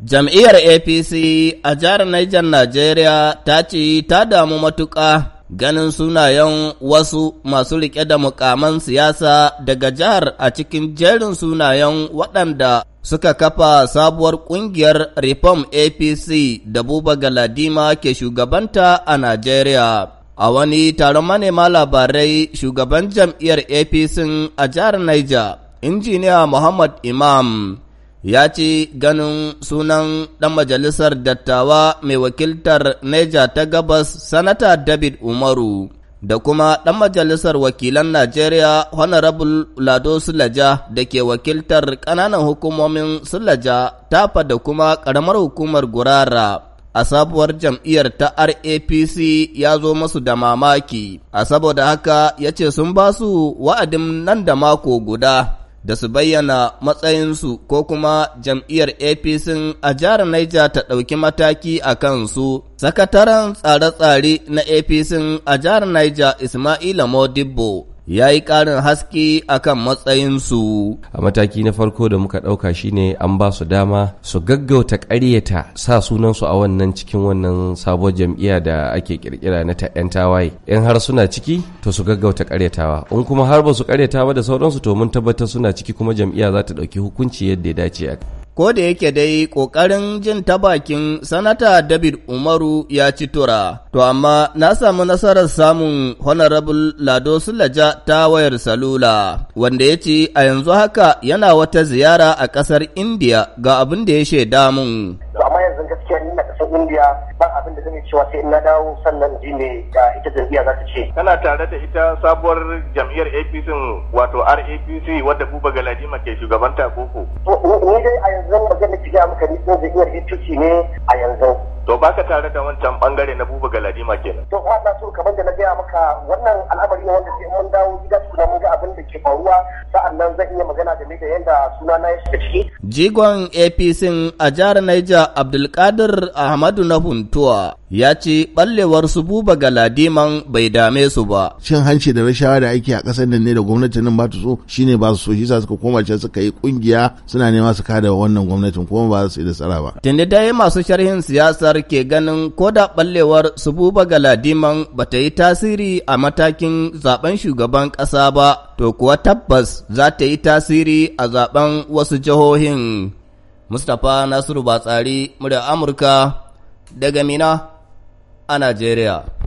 Jam'iyyar APC a jihar Niger Najeriya ta ce ta damu matuƙa ganin sunayen wasu masu riƙe da mukaman siyasa daga jihar a cikin jerin sunayen waɗanda suka kafa sabuwar ƙungiyar Reform APC da Buba Galadima ke shugabanta a Najeriya. A wani taron manema labarai shugaban jam'iyyar APC a jihar Niger, Injiniya Muhammad Imam. ya ci ganin sunan ɗan majalisar dattawa mai wakiltar Neja ta gabas Sanata David Umaru da kuma ɗan majalisar wakilan Najeriya Honorable Lado Sulaja da ke wakiltar ƙananan hukumomin Sulaja tafa da kuma ƙaramar hukumar Gurara. a sabuwar jam'iyyar ta RAPC ya zo masu da mamaki, a saboda haka ya ce sun ba su wa'adin nan da mako guda da su bayyana matsayinsu ko kuma jam'iyyar APC a jihar Niger ta ɗauki mataki a kansu. Sakataren tsare-tsare na APC a jihar Niger Ismaila Modibo ya yi ƙarin haske a kan matsayinsu. A mataki na farko da muka ɗauka shine an ba su dama su gaggauta ƙaryata sa sunansu a wannan cikin wannan sabuwar jam'iyya da ake ƙirƙira na ta 'yan tawaye. In har suna ciki to su gaggauta ƙaryatawa. In kuma har ba su ƙaryata ba da sauransu to mun tabbatar suna ciki kuma jam'iyya za ta ɗauki hukunci yadda ya dace. ko da yake dai ƙoƙarin jin ta bakin sanata David Umaru ya ci tura, to amma na samu nasarar samun Honorable Lado Sulaja ta wayar salula, wanda ya ce a yanzu haka yana wata ziyara a ƙasar India ga abin da ya shaida mun. yanzu gaskiya ni na India ba abin da zan cewa sai na dawo sannan ji ne da ita jam'iyya za ta ce. Kana tare da ita sabuwar jam'iyyar APC wato RAPC wadda Buba Galadima ke shugabanta koko. Ni dai zan magana ki ga maka ni ko da iya rikici ne a yanzu to ba ka tare da wancan bangare na buba galadima kenan to ba na so kamar da na gaya maka wannan al'amari wanda sai mun dawo gida tukuna mun ga abin da ke faruwa sa'annan zan iya magana da yadda suna na shiga ciki. Jigon APC a jihar Niger Abdulkadir Ahmadu na Huntuwa ya ce ɓallewar su buba ga ladiman bai dame su ba. Cin hanci da rashawa da ake a ƙasar nan ne da gwamnatin nan ba ta so shine ba su so shi sa suka koma can suka yi kungiya suna nema su kada wannan gwamnatin kuma ba su yi da tsara ba. Tunda dai masu sharhin siyasar ke ganin ko da ɓallewar su buba ga ladiman ba ta yi tasiri a matakin zaben shugaban ƙasa ba. to kuwa tabbas za ta yi tasiri a zaben wasu jihohin. Mustapha Nasiru Batsari, murya Amurka, daga Mina a Najeriya.